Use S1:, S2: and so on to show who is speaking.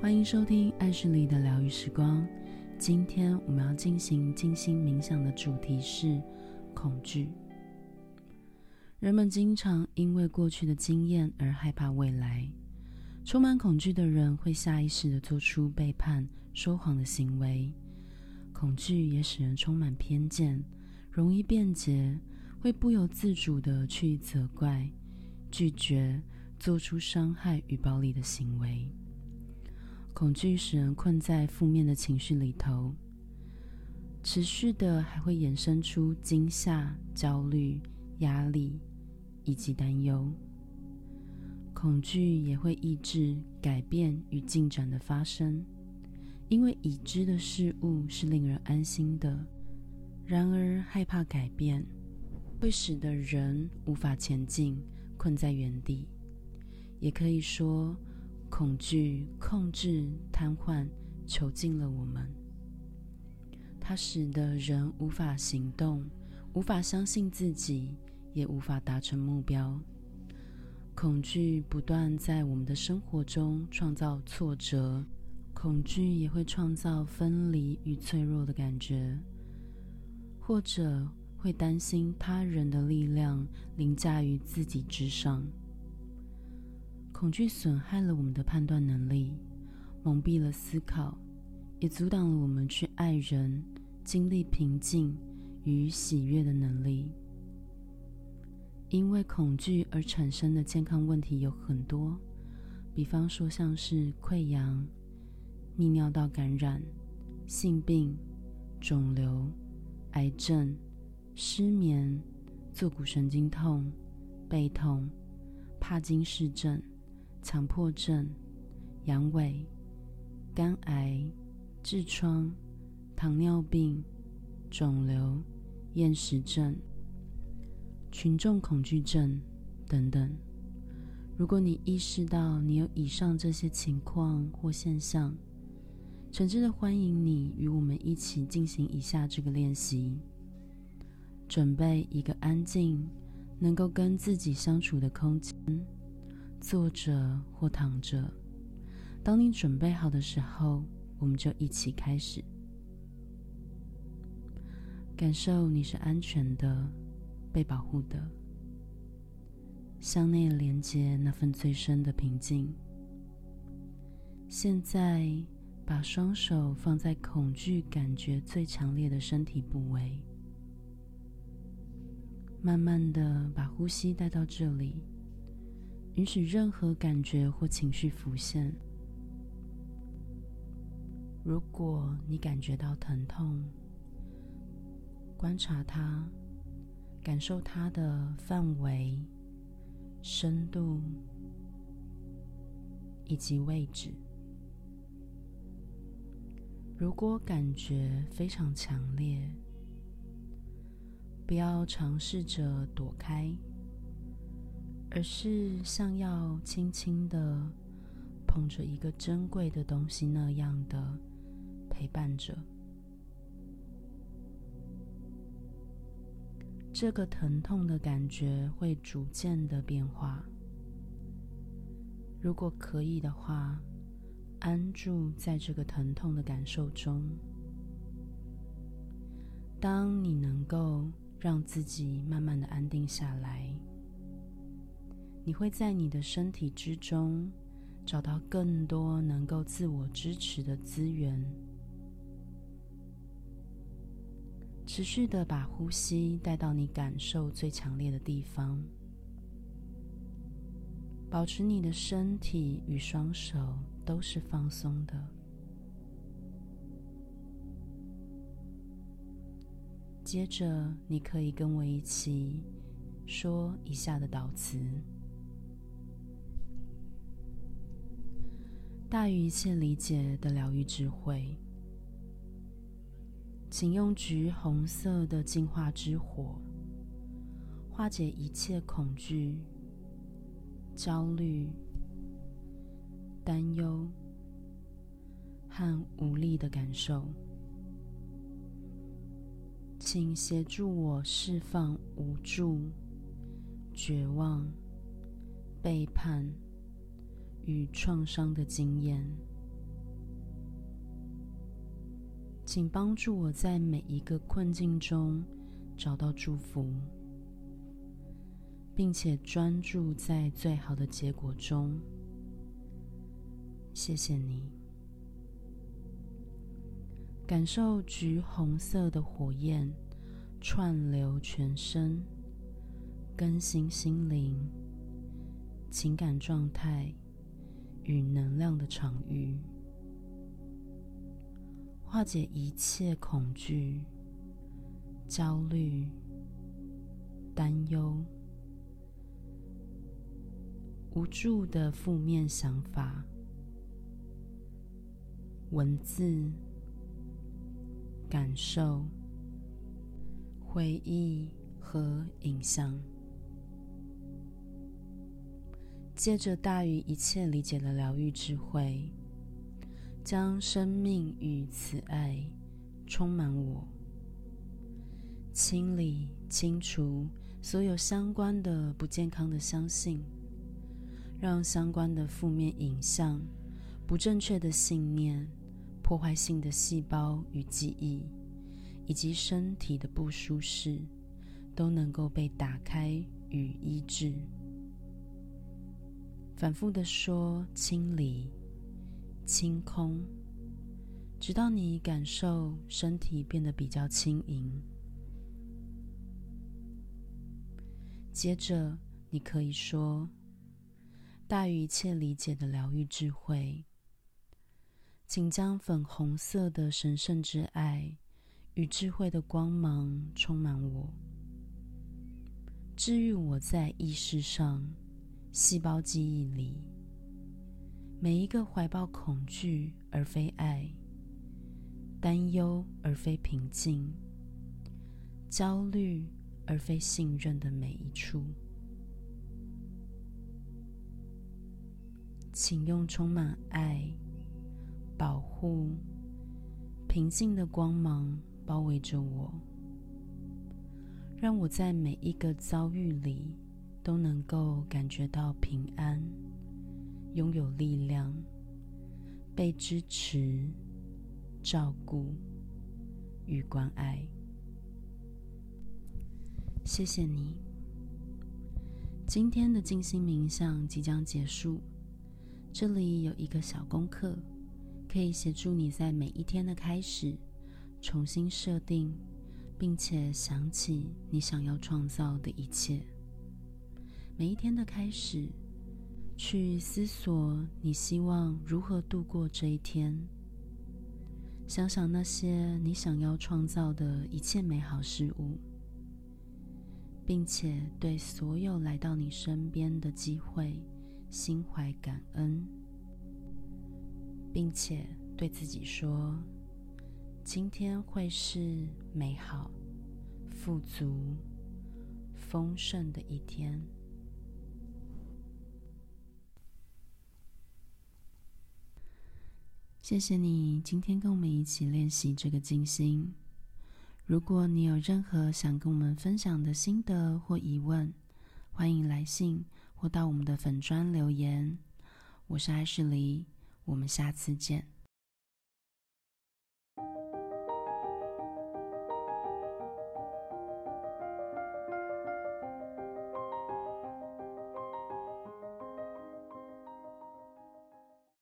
S1: 歡迎收聽《愛旭黎的療癒時光》。今天我們要進行靜心冥想的主題是恐懼。人們經常因為過去的經驗而害怕未來。充滿恐懼的人會下意識的做出背叛、說謊的行為。恐懼也使人充滿偏見，容易辯解，會不由自主的去責怪、拒絕、做出傷害與暴力的行為。恐懼使人困在負面的情緒裡頭，持續的還會衍生出驚嚇、焦慮、壓力以及擔憂。恐懼也會抑制改變與進展的發生，因為已知的事物是令人安心的。然而，害怕改變會使得人無法前進，困在原地。也可以說，恐懼、控制、癱瘓、囚禁了我們。它使得人無法行動，無法相信自己，也無法達成目標。恐懼不斷在我們的生活中創造挫折，恐懼也會創造分離與脆弱的感覺，或者會擔心他人的力量凌駕於自己之上。恐懼損害了我們的判斷能力，蒙蔽了思考，也阻擋了我們去愛人、經歷平靜與喜悅的能力。因為恐懼而產生的健康問題有很多，比方說像是潰瘍、泌尿道感染、性病、腫瘤、癌症、失眠、坐骨神經痛、背痛、帕金氏症。強迫症、陽痿、肝癌、痔瘡、糖尿病、腫瘤、厭食症、群眾恐懼症等等。如果你意識到你有以上這些情況或現象，誠摯的歡迎你與我們一起進行以下這個練習。準備一個安靜、能夠跟自己相處的空間。坐着或躺着，當你準備好的時候，我們就一起開始。感受你是安全的，被保護的。向內連接那份最深的平靜。現在，把雙手放在恐懼感覺最強烈的身體部位，慢慢的把呼吸帶到這裡。允許任何感覺或情緒浮現。如果你感覺到疼痛，觀察它，感受它的範圍、深度以及位置。如果感覺非常強烈，不要嘗試着躲開。而是像要輕輕的捧着一個珍貴的東西那樣的陪伴着，這個疼痛的感覺會逐漸的變化。如果可以的話，安住在這個疼痛的感受中。當你能夠讓自己慢慢的安定下來。你會在你的身體之中找到更多能夠自我支持的資源。持續地把呼吸帶到你感受最強烈的地方，保持你的身體與雙手都是放鬆的。接着，你可以跟我一起說以下的導詞。大於一切理解的療癒智慧，請用橘紅色的淨化之火化解一切恐懼、焦慮、擔憂和無力的感受。請協助我釋放無助、絕望、背叛。與創傷的經驗，請幫助我在每一個困境中找到祝福，並且專注在最好的結果中。謝謝你，感受橘紅色的火焰串流全身，更新心靈、情感狀態。與能量的場域，化解一切恐懼、焦慮、擔憂、無助的負面想法、文字、感受、回憶和影像。借着大於一切理解的療癒智慧，將生命與慈愛充滿我，清理清除所有相關的不健康的相信，讓相關的負面影像、不正確的信念、破壞性的細胞與記憶，以及身體的不舒適，都能夠被打開與醫治。反復的說，清理、清空，直到你感受身體變得比較輕盈。接着，你可以說：“大於一切理解的療癒智慧，請將粉紅色的神聖之愛與智慧的光芒充滿我，治癒我在意識上。”細胞記憶裡，每一個懷抱恐懼而非愛、擔憂而非平靜、焦慮而非信任的每一處，請用充滿愛、保護、平靜的光芒包圍着我，讓我在每一個遭遇裡。都能夠感覺到平安，擁有力量，被支持、照顧與關愛。謝謝你。今天的靜心冥想即將結束，這裡有一個小功課，可以協助你在每一天的開始重新設定，並且想起你想要創造的一切。每一天的開始，去思索你希望如何度過這一天。想想那些你想要創造的一切美好事物，並且對所有來到你身邊的機會心懷感恩，並且對自己說：“今天會是美好、富足、豐盛的一天。”謝謝你今天跟我們一起練習這個靜心。如果你有任何想跟我們分享的心得或疑問，歡迎來信或到我們的粉專留言。我是愛旭黎，我們下次見。